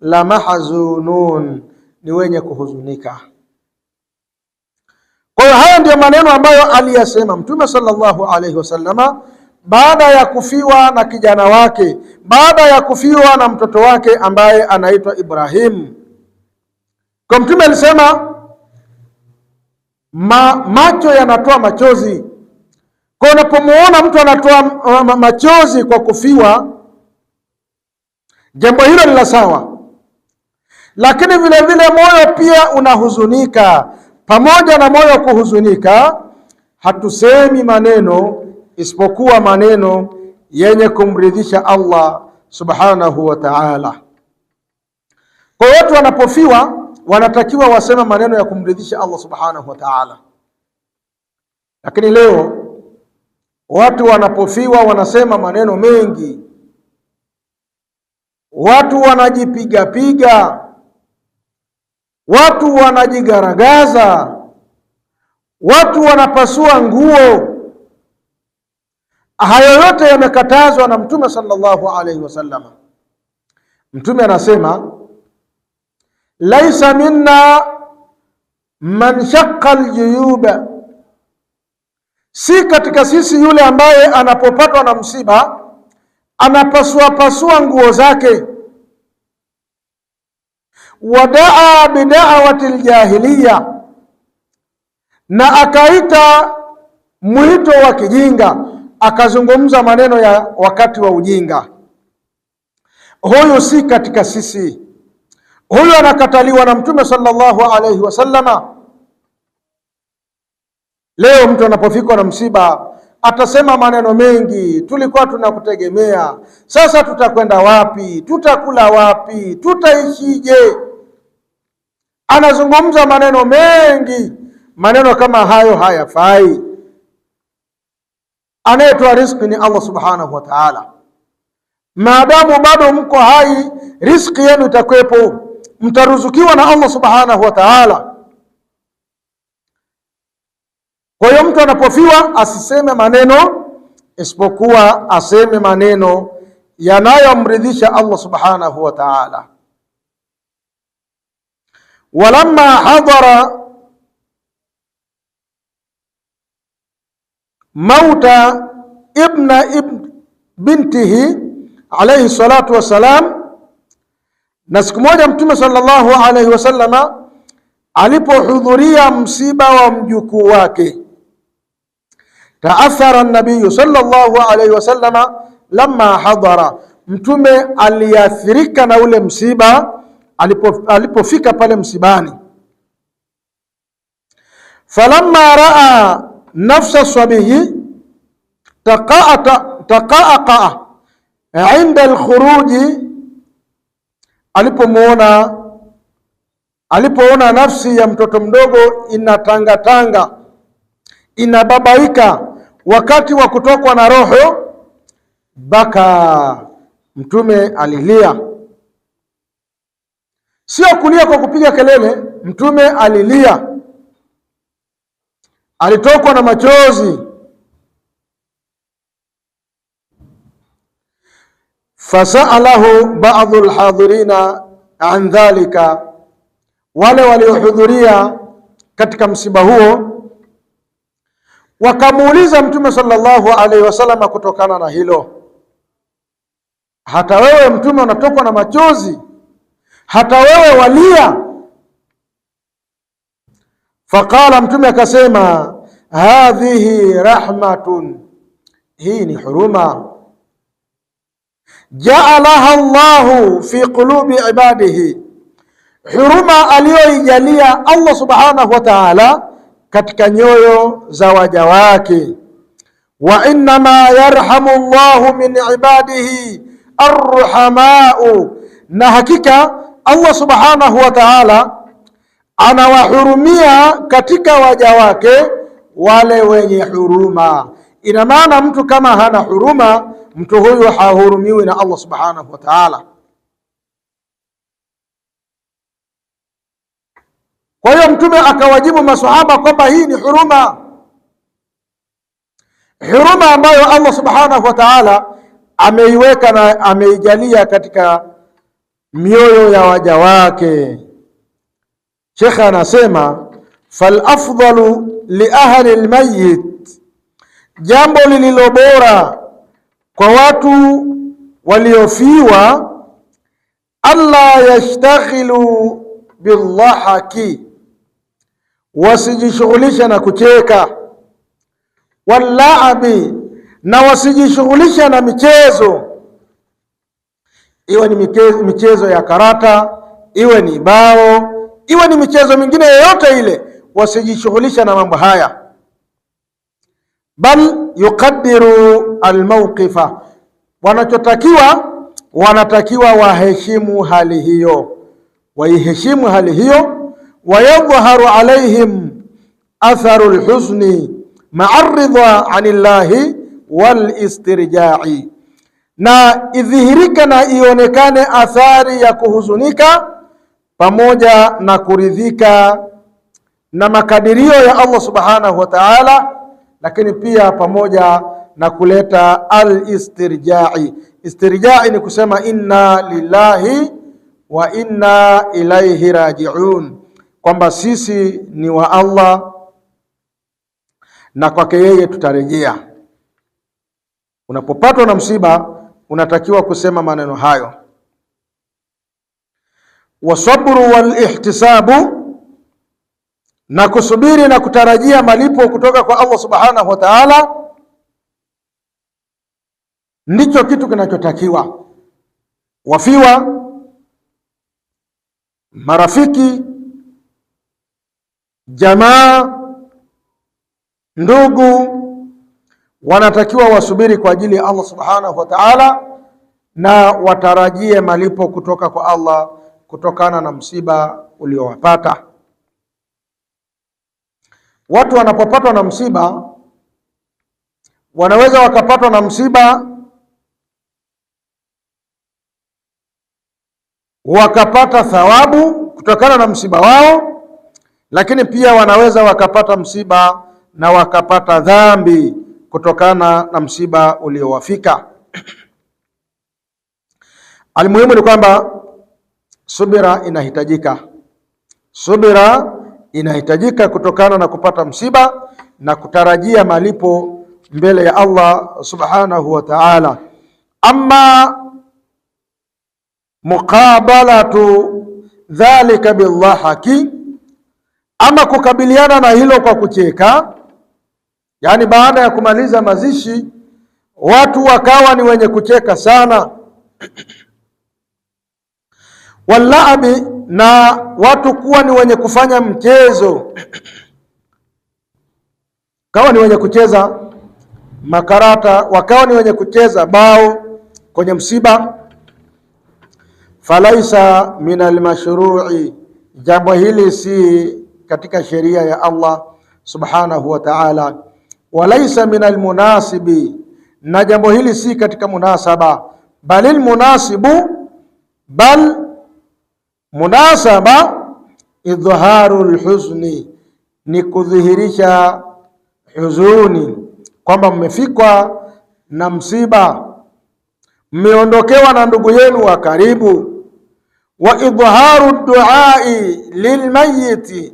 la mahzunun, ni wenye kuhuzunika. Kwa hiyo haya ndiyo maneno ambayo aliyasema Mtume sallallahu alaihi wasallama baada ya kufiwa na kijana wake, baada ya kufiwa na mtoto wake ambaye anaitwa Ibrahim. Kwa Mtume alisema ma, macho yanatoa machozi. Kwa unapomuona mtu anatoa machozi kwa kufiwa, jambo hilo ni la sawa lakini vile vile moyo pia unahuzunika. Pamoja na moyo kuhuzunika, hatusemi maneno isipokuwa maneno yenye kumridhisha Allah subhanahu wa ta'ala. Kwa watu wanapofiwa, wanatakiwa waseme maneno ya kumridhisha Allah subhanahu wa ta'ala, lakini leo watu wanapofiwa wanasema maneno mengi, watu wanajipigapiga watu wanajigaragaza, watu wanapasua nguo. Hayo yote yamekatazwa na Mtume sallallahu alaihi wasallam. Mtume anasema laisa minna man shaqqa aljuyuba, si katika sisi yule ambaye anapopatwa na msiba anapasua pasua nguo zake wadaa bidawati ljahiliya, na akaita mwito wa kijinga, akazungumza maneno ya wakati wa ujinga. Huyu si katika sisi, huyu anakataliwa na Mtume sallallahu alaihi wasallama. Leo mtu anapofikwa na msiba atasema maneno mengi, tulikuwa tunakutegemea, sasa tutakwenda wapi? Tutakula wapi? Tutaishije? Anazungumza maneno mengi, maneno kama hayo hayafai. Anayetoa riziki ni Allah subhanahu wa ta'ala. Maadamu bado mko hai, riziki yenu itakwepo, mtaruzukiwa na Allah subhanahu wa ta'ala. Kwa hiyo mtu anapofiwa asiseme maneno isipokuwa aseme maneno yanayomridhisha Allah subhanahu wa ta'ala walamma hadhara mauta ibna ibn bintihi alaihi salatu wassalam, na siku moja Mtume sallallahu alaihi wasallama alipohudhuria msiba wa mjukuu wake, taathara nabiyu sallallahu alaihi wasallama lamma hadhara, Mtume aliathirika na ule msiba alipo, alipofika pale msibani, falamma raa nafsa sabiyi taqaaqaa inda alkhuruji, alipomuona alipoona nafsi ya mtoto mdogo inatangatanga inababaika wakati wa kutokwa na roho, baka Mtume alilia sio kulia kwa kupiga kelele. Mtume alilia, alitokwa na machozi. Fasalahu badhu lhadhirina an dhalika, wale waliohudhuria katika msiba huo wakamuuliza Mtume sallallahu alaihi wasallam kutokana na hilo. Hata wewe Mtume unatokwa na machozi hata wewe walia. Faqala, Mtume akasema hadhihi rahmatun, hii ni huruma. Jaalaha llahu fi qulubi ibadihi, huruma aliyoijalia Allah subhanahu wa ta'ala katika nyoyo za waja wake. Wa innama yarhamu llahu min ibadihi arruhamau, na hakika Allah subhanahu wa ta'ala anawahurumia katika waja wake wale wenye huruma. Ina maana mtu kama hana huruma, mtu huyu hahurumiwi na Allah subhanahu wa ta'ala. Kwa hiyo Mtume akawajibu maswahaba kwamba hii ni huruma, huruma ambayo Allah subhanahu wa ta'ala ameiweka na ameijalia katika mioyo ya waja wake. Shekhe anasema falafdalu liahli lmayit, jambo lililo bora kwa watu waliofiwa, alla yashtaghilu bildhahaki, wasijishughulisha na kucheka, wallaabi, na wasijishughulisha na michezo iwe ni michezo, michezo ya karata, iwe ni bao, iwe ni michezo mingine yoyote ile, wasijishughulisha na mambo haya. Bal yuqaddiru almawqifa, wanachotakiwa wanatakiwa waheshimu hali hiyo, waiheshimu hali hiyo. Wayadhharu alaihim atharu lhusni maa anillahi llahi walistirjai na idhihirike na ionekane athari ya kuhuzunika pamoja na kuridhika na makadirio ya Allah subhanahu wa ta'ala, lakini pia pamoja na kuleta al-istirjai. Istirjai ni kusema inna lillahi wa inna ilaihi rajiun, kwamba sisi ni wa Allah na kwake yeye tutarejea. Unapopatwa na msiba unatakiwa kusema maneno hayo. Wasabru walihtisabu, na kusubiri na kutarajia malipo kutoka kwa Allah subhanahu wa ta'ala, ndicho kitu kinachotakiwa. Wafiwa, marafiki, jamaa, ndugu wanatakiwa wasubiri kwa ajili ya Allah subhanahu wa ta'ala, na watarajie malipo kutoka kwa Allah kutokana na msiba uliowapata. Watu wanapopatwa na msiba, wanaweza wakapatwa na msiba wakapata thawabu kutokana na msiba wao, lakini pia wanaweza wakapata msiba na wakapata dhambi kutokana na msiba uliowafika. Almuhimu ni kwamba subira inahitajika, subira inahitajika kutokana na kupata msiba na kutarajia malipo mbele ya Allah subhanahu wa ta'ala. Amma muqabalatu dhalika bildhahaki, ama kukabiliana na hilo kwa kucheka Yaani baada ya kumaliza mazishi watu wakawa ni wenye kucheka sana wallaabi, na watu kuwa ni wenye kufanya mchezo kawa ni wenye kucheza makarata, wakawa ni wenye kucheza bao kwenye msiba. Falaisa min almashrui, jambo hili si katika sheria ya Allah subhanahu wa ta'ala walaisa min almunasibi, na jambo hili si katika munasaba. bal almunasibu, bal munasaba idhharu lhuzni, ni kudhihirisha huzuni kwamba mmefikwa na msiba, mmeondokewa na ndugu yenu wa karibu. Wa idhharu duai lilmayiti,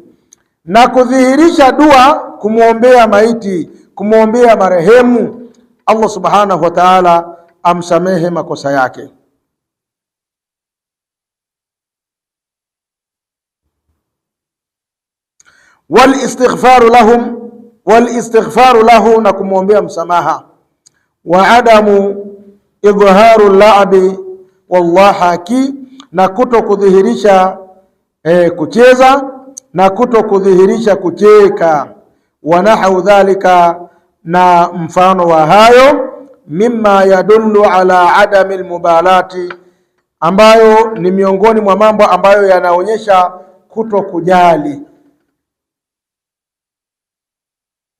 na kudhihirisha dua kumwombea maiti kumwombea marehemu Allah subhanahu wa ta'ala amsamehe makosa yake. Walistighfaru lahum, walistighfaru lahu, na kumwombea msamaha. Wa adamu idhaharu laabi wallahaki, na kuto kudhihirisha eh, kucheza na kuto kudhihirisha kucheka. Wanahu dhalika na mfano wa hayo, mimma yadullu ala adami lmubalati, ambayo ni miongoni mwa mambo ambayo yanaonyesha kuto kujali.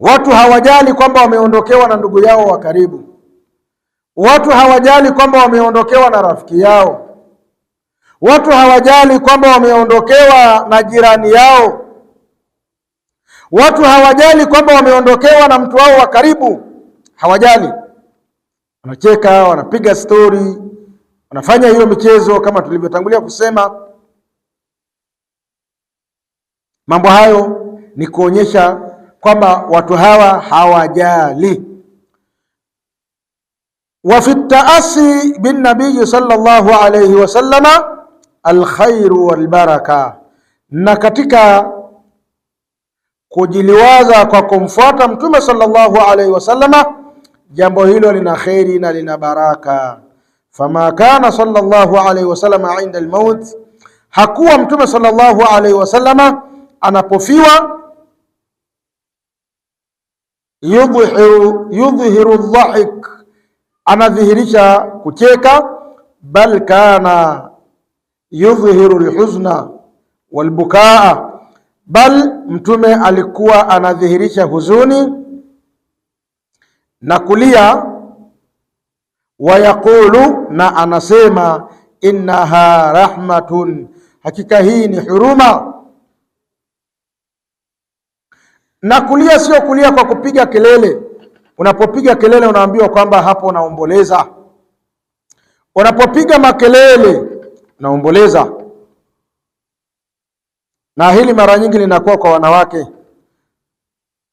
Watu hawajali kwamba wameondokewa na ndugu yao wa karibu. Watu hawajali kwamba wameondokewa na rafiki yao. Watu hawajali kwamba wameondokewa na jirani yao. Watu hawajali kwamba wameondokewa na mtu wao wa karibu, hawajali, wanacheka, wanapiga stori, wanafanya hiyo michezo kama tulivyotangulia kusema. Mambo hayo ni kuonyesha kwamba watu hawa hawajali. wa fi taasi bin nabii sallallahu alayhi wasallama alkhairu walbaraka, na katika kujiliwaza kwa kumfuata Mtume sallallahu alaihi wasallama, jambo hilo lina kheri na lina baraka. Fama kana sallallahu alaihi wasallama inda almaut, hakuwa Mtume sallallahu alaihi wasallama anapofiwa yudhiru, yudhiru dhahik, anadhihirisha kucheka, bal kana yudhihiru lhuzna walbukaa Bal mtume alikuwa anadhihirisha huzuni na kulia, wayaqulu, na anasema innaha rahmatun, hakika hii ni huruma. Na kulia sio kulia kwa kupiga kelele. Unapopiga kelele, unaambiwa kwamba hapo unaomboleza. Unapopiga makelele, unaomboleza na hili mara nyingi linakuwa kwa wanawake.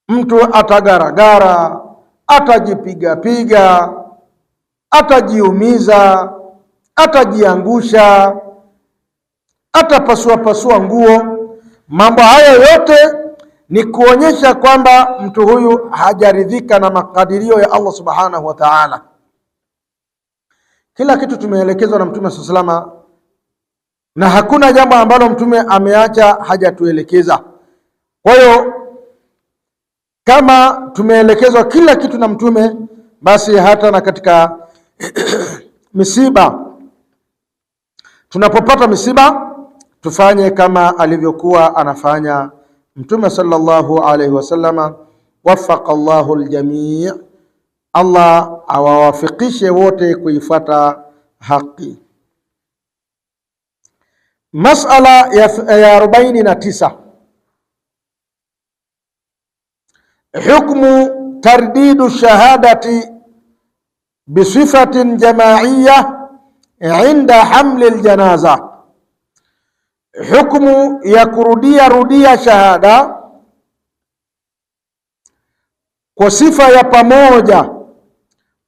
Mtu atagaragara, atajipigapiga, atajiumiza, atajiangusha, atapasuapasua nguo. Mambo haya yote ni kuonyesha kwamba mtu huyu hajaridhika na makadirio ya Allah subhanahu wa ta'ala. Kila kitu tumeelekezwa na Mtume sallallahu alayhi wasallam na hakuna jambo ambalo mtume ameacha hajatuelekeza. Kwa hiyo kama tumeelekezwa kila kitu na mtume, basi hata na katika misiba, tunapopata misiba tufanye kama alivyokuwa anafanya mtume sallallahu alaihi wasallam. Wafaqa Allahu ljamii, Allah awawafikishe wote kuifuata haki. Masala ya arobaini na tisa hukmu tardidu shahadati bisifatin jamaiya inda hamli ljanaza, hukmu ya kurudia rudia shahada kwa sifa ya pamoja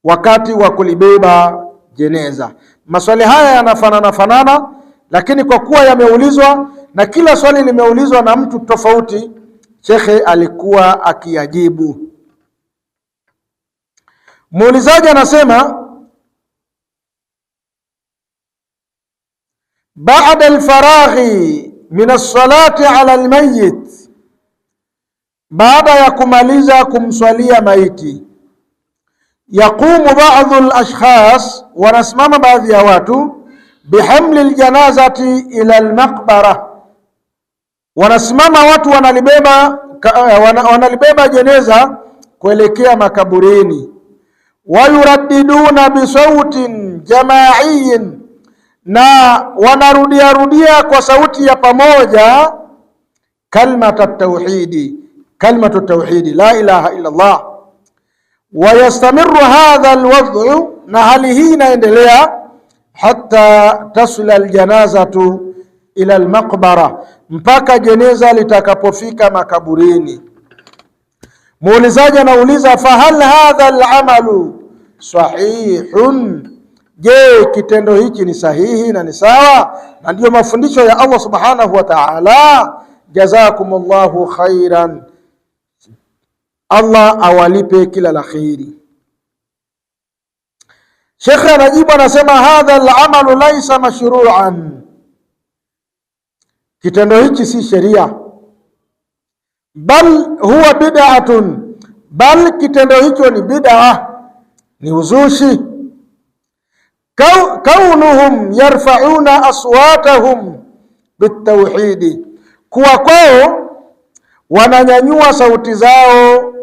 wakati wa kulibeba jeneza. Maswali haya yanafanana fanana lakini kwa kuwa yameulizwa na kila swali limeulizwa na mtu tofauti, shekhe alikuwa akiyajibu. Muulizaji anasema baada alfaraghi min alsalati ala almayit, baada ya kumaliza kumswalia maiti yaqumu baadhu alashkhas, wanasimama baadhi ya watu bihamli ljanazati ila lmaqbara, wanasimama watu wanalibeba, eh, wana, wanalibeba jeneza kuelekea makaburini. Wayuraddiduna bisautin jamaiyin, na wanarudiarudia kwa sauti ya pamoja kalmata tauhidi, kalmatu tauhidi la ilaha illa Allah. Wayastamiru hadha alwad'u, na hali hii inaendelea hatta tasula aljanazatu ila almaqbara, mpaka jeneza litakapofika makaburini. Muulizaji anauliza fahal hadha alamalu sahihun, je, kitendo hichi ni sahihi na ni sawa? Na ndiyo mafundisho ya Allah subhanahu wa ta'ala. Jazakumullahu khairan, Allah awalipe kila la kheri. Shekhe anajibu anasema, hadha alamalu laisa mashruan, kitendo hichi si sheria, bal huwa bid'atun, bal kitendo hicho ni bid'a, ni uzushi. Kaunuhum yarfauna aswatahum bitauhidi, kuwa kwao wananyanyua sauti zao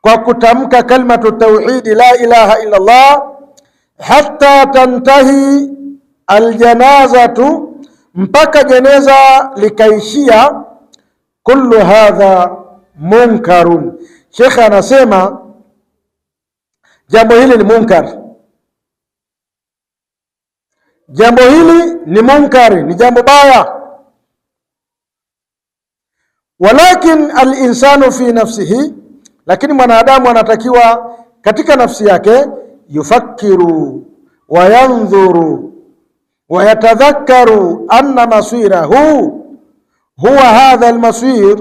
kwa kutamka kalmatu tauhidi, la ilaha illa Allah hatta tantahi aljanazatu, mpaka jeneza likaishia. Kullu hadha munkarun, shekhe anasema jambo hili ni munkar, jambo hili ni munkari, ni jambo baya. Walakin alinsanu fi nafsihi, lakini mwanadamu anatakiwa katika nafsi yake yufakiru wayandhuru wayatadhakaru anna masirahu huwa hadha almasir.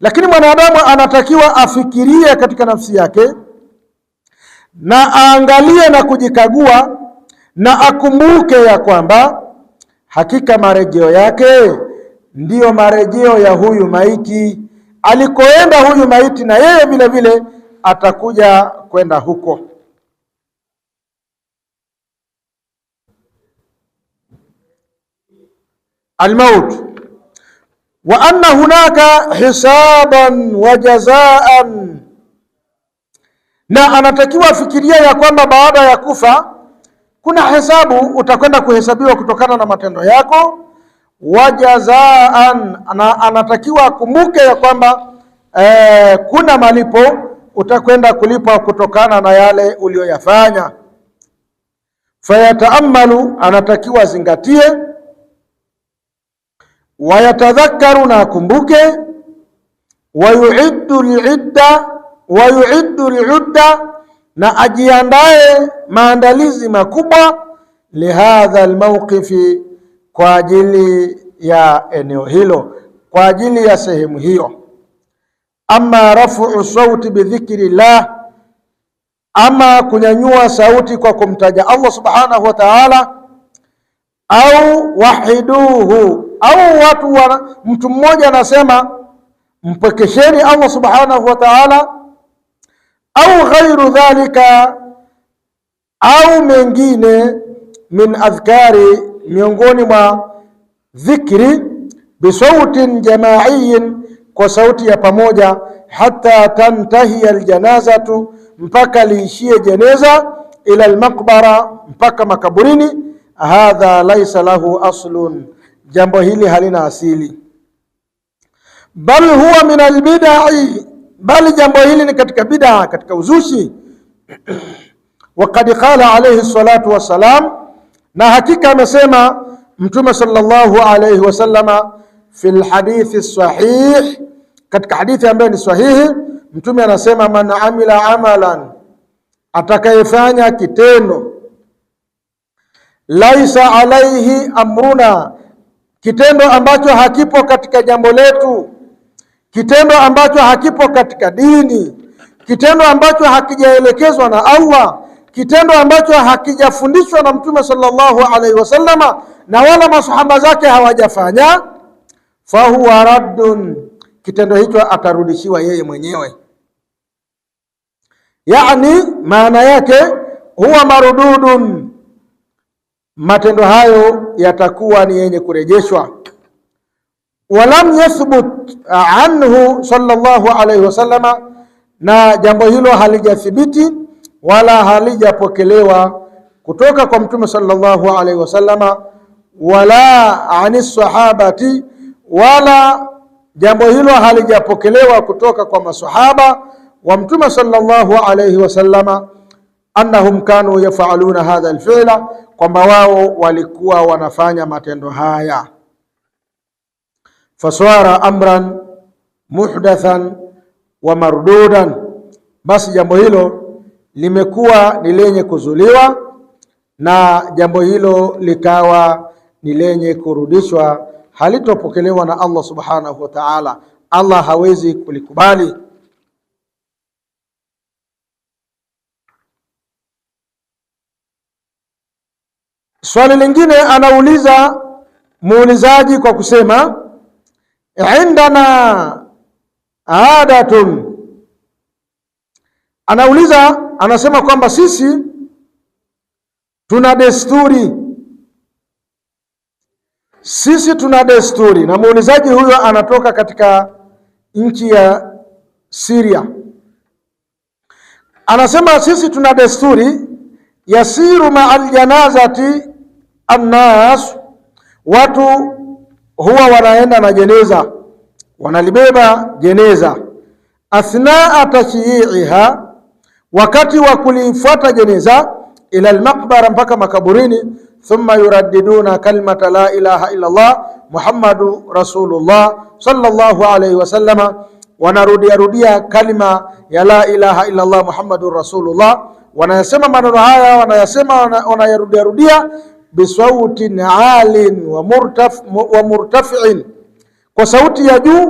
Lakini mwanadamu anatakiwa afikirie katika nafsi yake na aangalie na kujikagua na akumbuke ya kwamba hakika marejeo yake ndiyo marejeo ya huyu maiti, alikoenda huyu maiti na yeye vile vile atakuja kwenda huko. Almaut wa anna hunaka hisaban wa jazaan, na anatakiwa afikiria ya kwamba baada ya kufa kuna hesabu, utakwenda kuhesabiwa kutokana na matendo yako. Wa jazaan, na anatakiwa akumbuke ya kwamba eh, kuna malipo utakwenda kulipwa kutokana na yale uliyoyafanya. Fayataamalu, anatakiwa azingatie. Wayatadhakaru, na akumbuke. Wayuiddu lidda, wayuiddu ludda, na ajiandae maandalizi makubwa. Lihadha lmauqifi kwa ajili ya eneo hilo, kwa ajili ya sehemu hiyo ama raf'u sauti bidhikri llah, ama kunyanyua sauti kwa kumtaja Allah subhanahu wa ta'ala, au wahiduhu, au watu wa, mtu mmoja anasema mpekesheni Allah subhanahu wa ta'ala, au ghairu dhalika, au mengine min adhkari, miongoni mwa dhikri bisautin jamaiin kwa sauti ya pamoja, hata tantahiya aljanazatu, mpaka liishie jeneza, ila almaqbara, mpaka makaburini. Hadha laisa lahu aslun, jambo hili halina asili. Bal huwa min albidai, bali jambo hili ni katika bid'a, katika uzushi Wakad qala alayhi salatu wassalam, na hakika amesema Mtume sallallahu alayhi wasallama fil hadithi sahih, katika hadithi ambayo ni sahihi, Mtume anasema man amila amalan, atakayefanya kitendo, laisa alaihi amruna, kitendo ambacho hakipo katika jambo letu, kitendo ambacho hakipo katika dini, kitendo ambacho hakijaelekezwa na Allah kitendo ambacho hakijafundishwa na Mtume sallallahu alaihi wasallama na wala masahaba zake hawajafanya fahuwa raddun, kitendo hicho atarudishiwa yeye mwenyewe. Yani maana yake huwa marududun, matendo hayo yatakuwa ni yenye kurejeshwa. Walam yathbut anhu sallallahu alaihi wasallama, na jambo hilo halijathibiti wala halijapokelewa kutoka kwa Mtume sallallahu alaihi wasallama, wala ani sahabati wala jambo hilo halijapokelewa kutoka kwa masahaba wa Mtume sallallahu alayhi wasallama annahum kanu yafaluna hadha alfi'la, kwamba wao walikuwa wanafanya matendo haya. Faswara amran muhdathan wa mardudan, basi jambo hilo limekuwa ni lenye kuzuliwa na jambo hilo likawa ni lenye kurudishwa halitopokelewa na Allah subhanahu wa ta'ala. Allah hawezi kulikubali. Swali lingine anauliza muulizaji kwa kusema indana adatun, anauliza anasema kwamba sisi tuna desturi sisi tuna desturi, na muulizaji huyo anatoka katika nchi ya Syria. Anasema sisi tuna desturi, yasiru ma'al janazati annas, watu huwa wanaenda na jeneza, wanalibeba jeneza, athnaa tashiiha, wakati wa kulifuata jeneza, ila almaqbara, mpaka makaburini thumma yuradiduna kalimata la ilaha illa Allah muhammadu rasulullah sallallahu alaihi wasallama, wanarudiarudia kalima ya la ilaha illa Allah muhammadu rasulullah. Wanayasema maneno haya, wanayasema wanayarudiarudia bisautin alin wa, murtaf, wa murtafiin, kwa sauti ya juu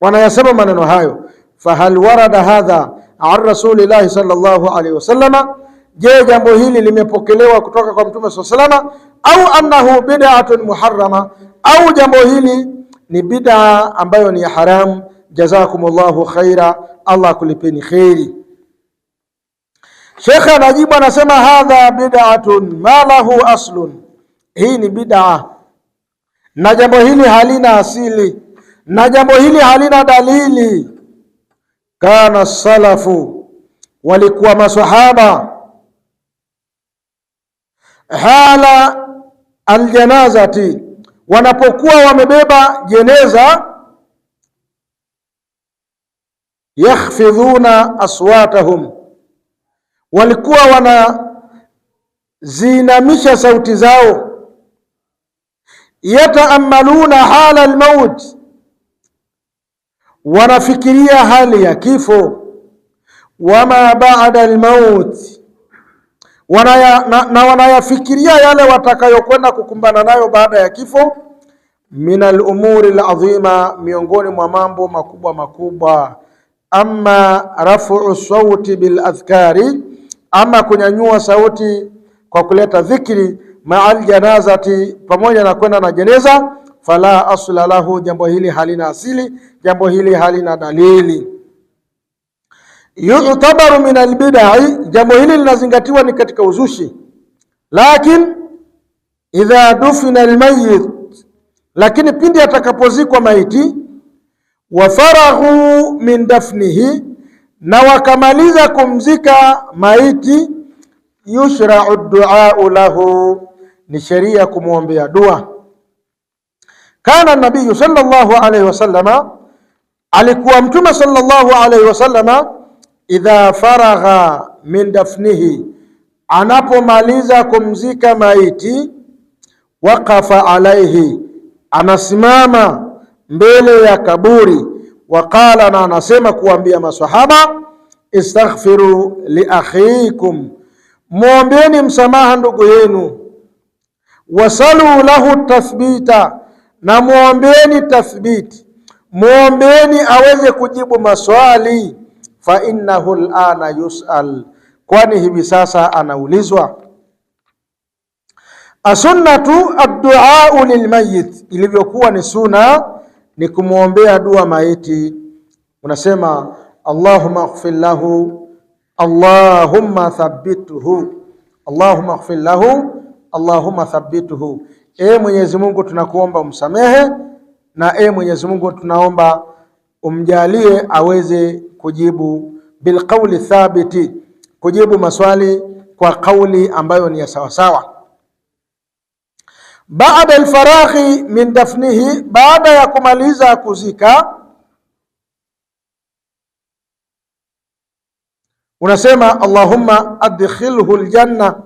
wanayasema maneno hayo. Fahal warada hadha an rasulillahi sallallahu alaihi wasallama Je, jambo hili limepokelewa kutoka kwa Mtume swalla salama, au annahu bid'atun muharrama, au jambo hili ni bid'a ambayo ni ya haramu? Jazakumullahu khaira, Allah kulipeni kheri. Shekhe anajibu anasema, hadha bid'atun ma lahu aslun, hii ni bid'a na jambo hili halina asili na jambo hili halina dalili. Kana salafu, walikuwa masahaba hala aljanazati, wanapokuwa wamebeba jeneza, yakhfidhuna aswatahum, walikuwa wanaziinamisha sauti zao, yataamaluna hala almaut, wanafikiria hali ya kifo, wama baada almauti wanaya, na, na wanayafikiria yale watakayokwenda kukumbana nayo baada ya kifo. min umuri ladhima, miongoni mwa mambo makubwa makubwa. ama rafu sauti bil adhkari, ama kunyanyua sauti kwa kuleta dhikri. Maal janazati, pamoja na kwenda na jeneza. Fala asla lahu, jambo hili halina asili, jambo hili halina dalili yutabaru min albidai, jambo hili linazingatiwa ni katika uzushi. Lakin idha dufina almayit, lakini pindi atakapozikwa maiti, wa faraghu min dafnihi, na wakamaliza kumzika maiti, yushrau duau lahu, ni sheria kumwombea dua. Kana nabiyu sallallahu alayhi wasallama, alikuwa mtume sallallahu alayhi wasallama idha faragha min dafnihi, anapomaliza kumzika maiti, waqafa alaihi, anasimama mbele ya kaburi, waqala, na anasema kuambia maswahaba, istaghfiru liakhikum, mwombeni msamaha ndugu yenu, wasalu lahu tathbita, na mwombeni tathbiti, mwombeni aweze kujibu maswali fa innahu alana yusal, kwani hivi sasa anaulizwa. Asunnatu adduau lilmayit, ilivyokuwa ni suna ni kumwombea dua maiti. Unasema allahumma ighfir lahu allahumma thabbithu allahumma ighfir lahu allahumma thabbithu, e Mwenyezi Mungu tunakuomba umsamehe, na e Mwenyezi Mungu tunaomba umjalie aweze kujibu bilqauli thabiti, kujibu maswali kwa kauli ambayo ni ya sawasawa. Baada alfaraghi min dafnihi, baada ya kumaliza kuzika, unasema Allahumma adkhilhu aljanna,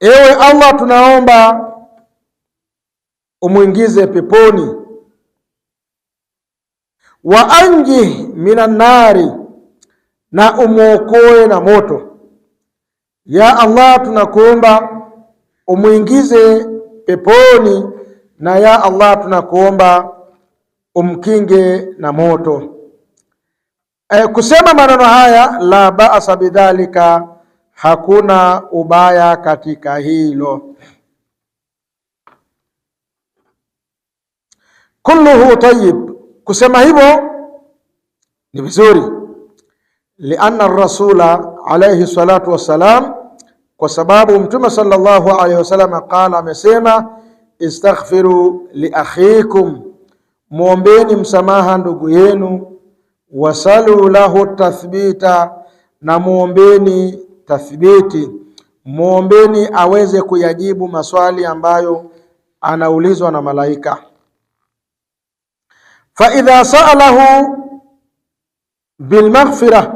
ewe Allah tunaomba umwingize peponi wa anji minan nari, na umwokoe na moto. Ya Allah, tunakuomba umwingize peponi, na ya Allah, tunakuomba umkinge na moto. E, kusema maneno haya, la baasa bidhalika, hakuna ubaya katika hilo. Kulluhu tayyib Kusema hivyo ni vizuri, lianna rasula alayhi salatu wassalam, kwa sababu Mtume sallallahu alayhi wasallam qala, amesema istaghfiru liakhikum, mwombeni msamaha ndugu yenu, wasalu lahu tathbita, na mwombeni tathbiti, mwombeni aweze kuyajibu maswali ambayo anaulizwa na malaika faidha saalahu bilmaghfira,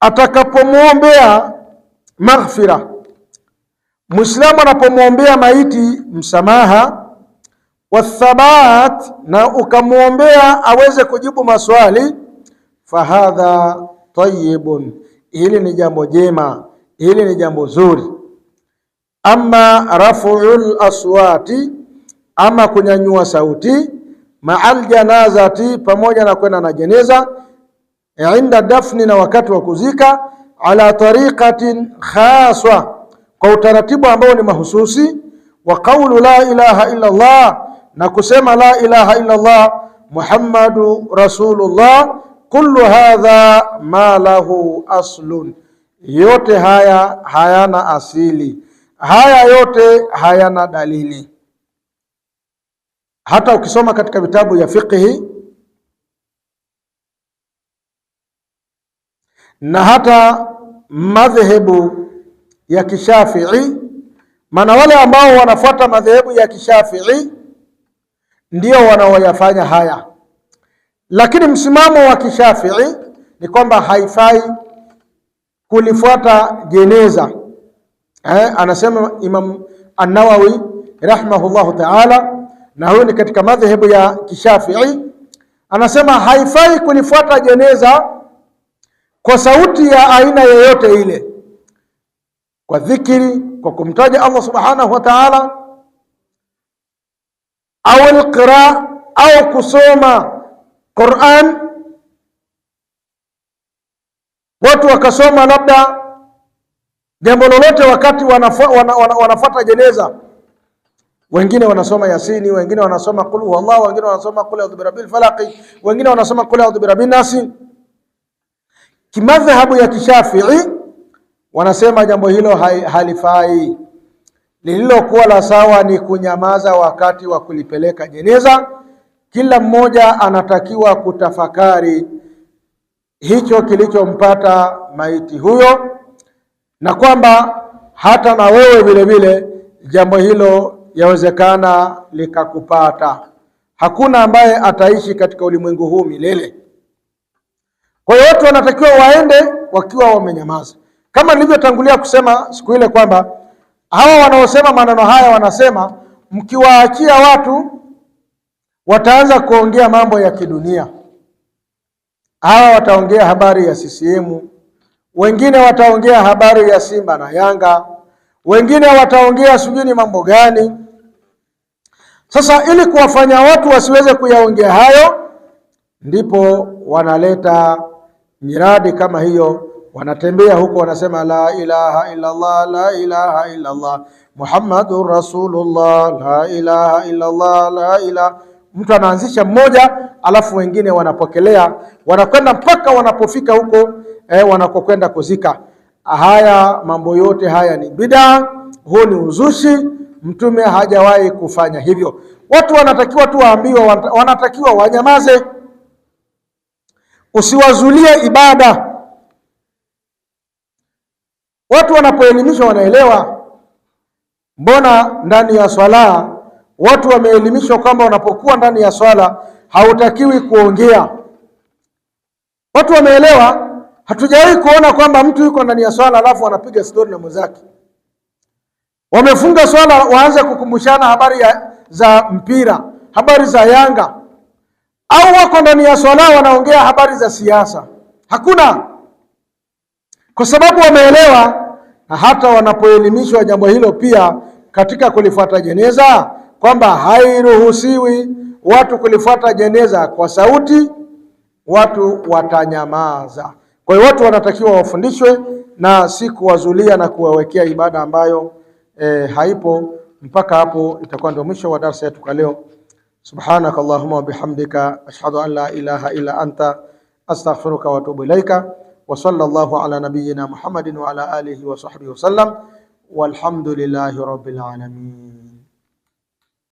atakapomwombea maghfira, mwislamu anapomwombea maiti msamaha wathabat, na ukamwombea aweze kujibu maswali, fahadha tayibun, hili ni jambo jema, hili ni jambo zuri. Ama rafuul aswati, ama kunyanyua sauti maal janazati, pamoja na kwenda na jeneza, e, inda dafni, na wakati wa kuzika, ala tariqatin khaswa, kwa utaratibu ambao ni mahususi, wa qawlu la ilaha illa Allah, na kusema la ilaha illa Allah Muhammadu Rasulullah. Kullu hadha ma lahu aslun, yote haya hayana asili, haya yote hayana dalili. Hata ukisoma katika vitabu vya fiqhi na hata madhehebu ya Kishafii, maana wale ambao wanafuata madhehebu ya Kishafii ndio wanaoyafanya haya, lakini msimamo wa Kishafii ni kwamba haifai kulifuata jeneza. Eh, anasema Imam An-Nawawi rahimahullahu taala na huyu ni katika madhehebu ya Kishafii, anasema haifai kulifuata jeneza kwa sauti ya aina yoyote ile, kwa dhikiri, kwa kumtaja Allah subhanahu wa ta'ala, au alqira au kusoma Qur'an, watu wakasoma labda jambo lolote wakati wanafuata jeneza wengine wanasoma Yasini, wengine wanasoma qul huwallahu, wengine wanasoma qul a'udhu birabbil falaq, wengine wanasoma qul a'udhu birabbin nas. Kimadhhabu ya Kishafii wanasema jambo hilo halifai. Lililokuwa la sawa ni kunyamaza wakati wa kulipeleka jeneza. Kila mmoja anatakiwa kutafakari hicho kilichompata maiti huyo, na kwamba hata na wewe vilevile jambo hilo yawezekana likakupata. Hakuna ambaye ataishi katika ulimwengu huu milele. Kwa hiyo watu wanatakiwa waende wakiwa wamenyamaza, kama nilivyotangulia kusema siku ile kwamba hawa wanaosema maneno haya wanasema, mkiwaachia watu wataanza kuongea mambo ya kidunia. Hawa wataongea habari ya CCM, wengine wataongea habari ya Simba na Yanga, wengine wataongea sijui ni mambo gani sasa ili kuwafanya watu wasiweze kuyaongea hayo, ndipo wanaleta miradi kama hiyo, wanatembea huko wanasema la ilaha illa Allah, la ilaha illa Allah Muhammadur Rasulullah, la ilaha illa Allah, la ilaha mtu anaanzisha mmoja, alafu wengine wanapokelea, wanakwenda mpaka wanapofika huko eh, wanakokwenda kuzika. Haya mambo yote haya ni bidaa, huu ni uzushi Mtume hajawahi kufanya hivyo. Watu wanatakiwa tu waambiwe, wanatakiwa wanyamaze, usiwazulie ibada. Watu wanapoelimishwa wanaelewa. Mbona ndani ya swala watu wameelimishwa kwamba unapokuwa ndani ya swala hautakiwi kuongea? Watu wameelewa. Hatujawahi kuona kwamba mtu yuko ndani ya swala alafu anapiga stori na mwenzake. Wamefunga swala waanze kukumbushana habari ya, za mpira, habari za Yanga, au wako ndani ya swala wanaongea habari za siasa? Hakuna, kwa sababu wameelewa. Na hata wanapoelimishwa jambo hilo pia katika kulifuata jeneza kwamba hairuhusiwi watu kulifuata jeneza kwa sauti, watu watanyamaza. Kwa hiyo watu wanatakiwa wafundishwe na si kuwazulia na kuwawekea ibada ambayo e, haipo mpaka hapo itakuwa ndio mwisho wa darasa yetu kwa leo. Subhanaka Allahumma wa bihamdika ashhadu an la ilaha illa anta astaghfiruka wa atubu ilaika wa sallallahu ala nabiyyina Muhammadin wa ala alihi wa sahbihi wasallam walhamdulillahi rabbil alamin.